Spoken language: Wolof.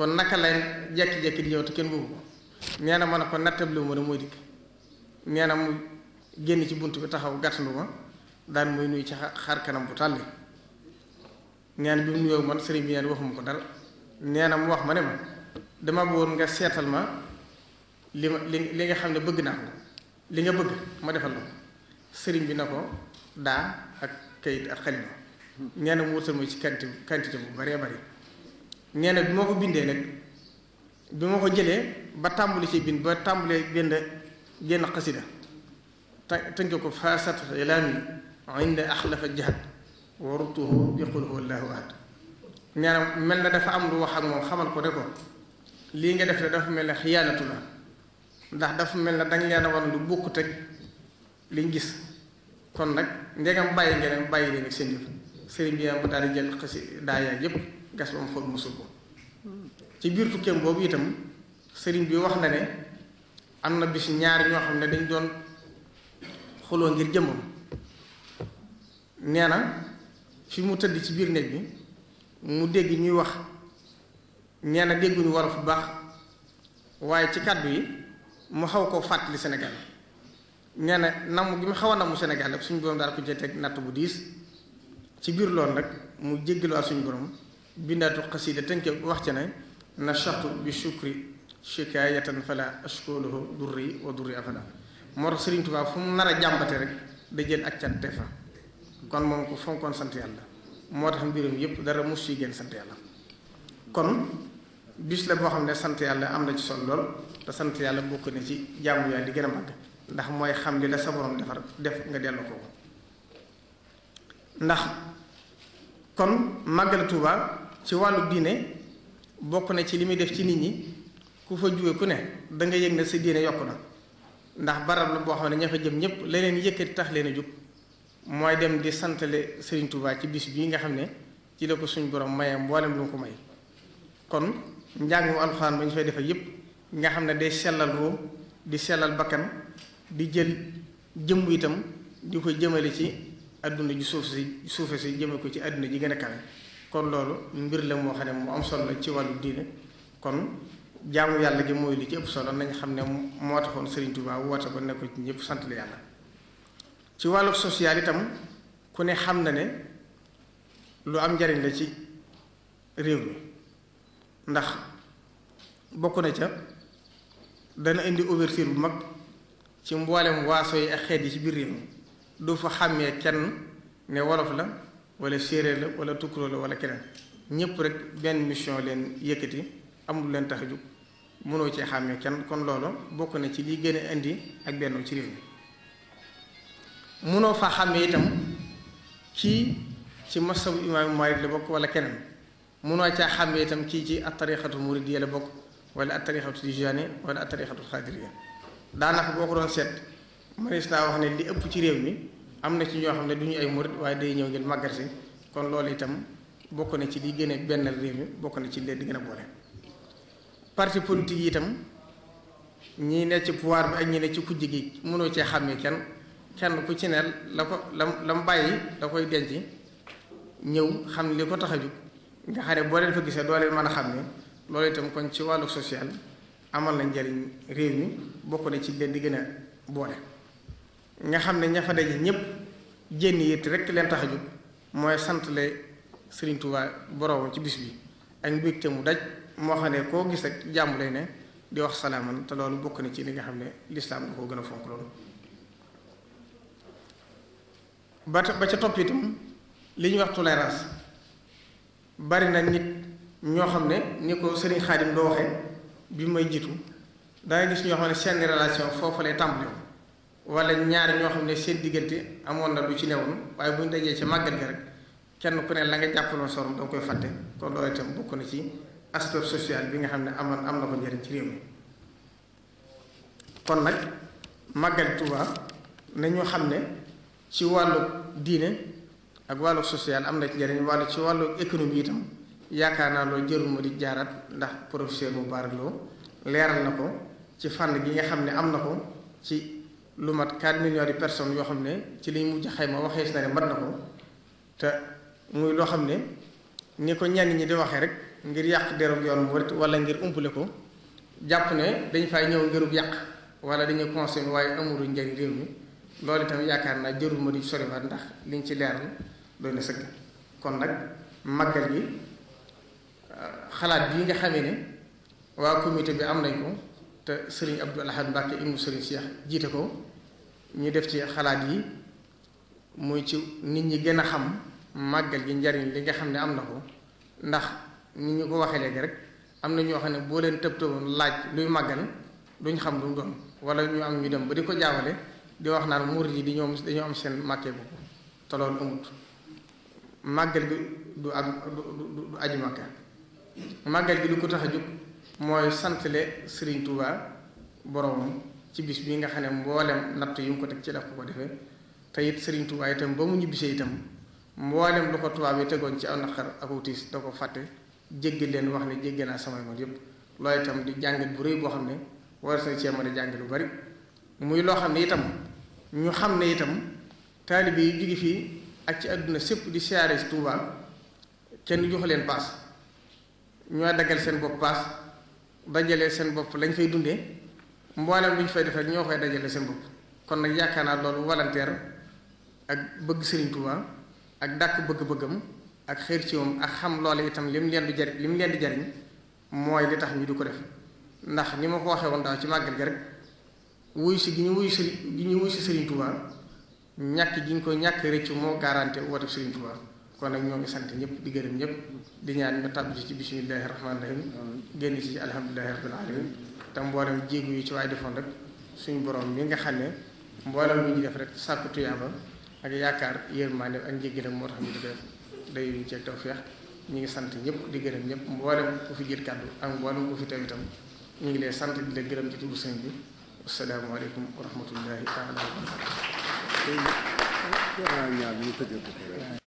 kon naka lay jekki-jekki di ñëw te kenn boobu ko nee na ma ne ko nattabli ma da mooy dikk nee mu génn ci bunt bi taxaw gàttandu ma daan mooy nuyu ci xar kanam bu tàlli nee na bi mu nuyoo man ko dara nee na mu wax ma ne ma dama bëggoon nga seetal ma li ma li nga xam ne bëgg naa ko li nga bëgg ma defal la sëriñ bi na ko daa ak kayit ak xalima hmm. nee na mu wutal ma ci quantité quantité bu baree bari nee na bi ma ko bindee nag bi ma ko jëlee ba tàmbali ci bind ba tàmbalee bind génn xasida te tënke ko faasat ilaami inda axlafa jihad warutuhu yaquluhu allahu ahad nee na mel na dafa am lu wax ak moom xamal ko ne ko lii nga def ne dafa mel na xiyaanatu la ndax dafa mel na dañ leen a wan lu bokk teg liñ gis kon nag ndegam bàyyi ngeen bàyyi leen ak seen yëf sëriñ bi yaa daal di jël xasi daayaa yëpp gas ba mu xool musul ko ci biir tukkeem boobu itam sëriñ bi wax na ne am na bis ñaar ñoo xam ne dañ doon xuloo ngir jëmmam nee na fi mu tëdd ci biir néeg bi mu dégg ñuy wax nee na dégguñu wolof bu baax waaye ci kàddu yi mu xaw koo fàttali Sénégal nee na namm gi mu xaw a namm Sénégal rek suñu borom daal ko jëtee teg natt bu diis ci biir lool nag mu jéggaluwaat suñu borom بنات القصيدة تنك وقتنا نشط بشكر شكاية فلا أشكوله دري ودري أفلا مرسلين تبا فم نرى جنب ترك دجل أكتن تفا كون مون كو فون كون سنتي الله مور خم بيرم ييب دار موسي ген سنتي الله كون بيس لا بو خم نه سنتي الله امنا سي سون لول تا سنتي الله بوك ني سي جامو يال دي گنا ماغ ndax moy xam li la sa borom defar def nga delu ko ndax kon magal touba ci wàllu diine bokk na ci li muy def ci nit ñi ku fa juwe ku ne da nga yëg na sa diine yokk na ndax barab la boo xam ne ña fa jëm ñëpp la leen yëkkati tax leen a jub mooy dem di santale Serigne Touba ci bis bii nga xam ne ci la ko suñ borom mayee mboolem lu mu ko may kon njàngum alxaan ba ñu fay defee yëpp nga xam ne day sellal roo di sellal bakkan di jël jëmb itam di ko jëmale ci àdduna ju suuf si suufe si jëme ko ci àdduna ji gën a kawe kon loolu mbir la moo xam ne mu am solo la ci wàllu diine kon jaamu yàlla gi mooy li ci ëpp solo nañ xam ne moo taxoon Serigne Touba woote ba nekk ci ñëpp sant la yàlla ci wàllu social itam ku ne xam na ne lu am njariñ la ci réew mi ndax bokk na ca dana indi ouvertir bu mag ci mboolem waaso yi ak xeet yi ci biir réew mi du fa xàmmee kenn ne wolof la ولا سيري لا ولا توكرو لا ولا كيران نيب رك بن ميشن لين ييكتي امول لين تخجو منو سي خامي كان كون لولو بوكو ني سي لي غينا اندي اك بنو سي ريو منو فا خامي تام كي سي مصاب امام مالك لا ولا كيران منو سي خامي تام كي سي الطريقه المريديه لا بوكو ولا الطريقه التجاني ولا الطريقه الخادريه دا نك بوكو دون سيت مريسنا واخني لي مي am na ci ñoo xam ne du ñu ay murit waaye day ñëw ngir màggal kon loolu itam bokk na ci li gën a benn réew mi bokk na ci leen di gën a boole parti politique yi itam ñi ne ci pouvoir bi ak ñi ne ci kujj gi mënoo cee xàmmee kenn kenn ku ci ne la ko lam la bàyyi da koy denc ñëw xam li ko tax a jóg nga xam ne boo leen fa gisee doo mën a xam ne loolu itam kon ci wàllu social amal na njariñ réew mi bokk na ci leen di gën a boole nga xam ne ña fa daje ñëpp jénn yit rek leen tax a jóg mooy santale Sëriñ Tuubaa boroomam ci bis bi ak mbégte mu daj moo xam ne koo gis ak jàmm lay ne di wax salaaman te loolu bokk na ci li nga xam ne lislaam da koo gën a fonk loolu ba ba ca topp li ñuy wax tolérance bari na nit ñoo xam ne ni ko Sëriñ Xaadim doo waxee bi may jiitu dangay gis ñoo xam ne seen relation foofu lay wala ñaar ñoo xam ne seen diggante amoon na lu ci newoon waaye bu ñu dajee ci màggal gi rek kenn ku ne la nga jàppaloon sorom da nga koy fàtte kon loolu itam bokk na ci aspect social bi nga xam ne amoon am na ko njëriñ ci réew mi kon nag màggal Tuuba xam ne ci wàllu diine ak wàllu social am na ci njëriñ wàllu ci wàllu économie itam yaakaar naa loolu jërul ma di jaaraat ndax professeur Moubarak Lo leeral na ko ci fànn gi nga xam ne am na ko ci lu mat 4 millions de personnes yoo xam ne ci liñ mujj xayma waxees na ne mat na ko te muy loo xam ne ni ko ñenn ñi di waxee rek ngir yàq derub yoon mu wër wala ngir umpale ko jàpp ne dañ fay ñëw ngirub yàq wala dañuy conseillé waaye amuru njëriñ réew mi loolu itam yaakaar naa jërul ma di soriwaat ndax liñ ci leeral doy na sëgg kon nag màggal bi euh, xalaat bii nga xamee ne waa comité bi am nañ ko te Serigne Abdou Lahad Mbacké ibnu Serigne Cheikh jiite ko ñu def ci xalaat yi muy ci nit ñi gën a xam màggal gi njariñ li nga xam ne am na ko ndax nit ñu ko waxee léegi rek am na ñoo xam ne boo leen tëb tëboon laaj luy màggal duñ xam lu mu doon wala ñu am ñu dem ba di ko jaawale di wax naan muur yi di ñoom dañoo am seen màkkee bopp te loolu amut màggal gi du ak du aju màkka màggal gi du ko tax a jóg mooy santale Sëriñ Tuubaa boroomam ci bis bi nga xam ne mboolem natt yi mu ko teg ci la ko ko defee te it Serigne Touba itam ba mu ñibbisee itam mboolem lu ko tubaab yi tegoon ci aw naqar ak utiis da ko fàtte jéggi leen wax ne jéggi naa samay moom yëpp loolu itam di jàngat bu rëy boo xam ne war na cee mën a jàng lu bari muy loo xam ne itam ñu xam ne itam taalibe yu jóge fii ak ci àdduna sépp di siyaare si kenn jox leen paas ñoo daggal seen bopp paas jëlee seen bopp lañ fay dundee. mboolem lu ñu fay def rek ñoo koy dajale seen bopp kon nag yaakaar naa loolu volontaire ak bëgg Serigne Touba ak dàkk bëgg-bëggam ak xër ci moom ak xam loole itam lim leen di jariñ lim leen di jariñ mooy li tax mi di ko def ndax ni ma ko waxee woon daaw ci màggal gi rek wuy si gi ñu wuy si gi ñu wuy si Serigne ñàkk gi ñu ko ñàkk rëccu moo garanté woote Serigne Touba kon nag ñoo ngi sant ñëpp di gërëm ñëpp di ñaan ñu tàbbi ci bismillahi rahmaani rahim génn ci alhamdulillahi rabbil alamin te mboolem jéeg yi ci waaye defoon rek suñu boroom mi nga xam ne mboolem lu ñu def rek sàkku tuyaaba ak yaakaar yërmande ak njéggalam moo tax ñu di def day yuñ ceeg tawfeex ñu ngi sant ñëpp di gërëm ñëpp mboolem ku fi jël kàddu ak mboolem ku fi teew itam ñu ngi lay sant di la gërëm ci turu sëñ bi asalaamaaleykum wa rahmatullahi taala wa barakatu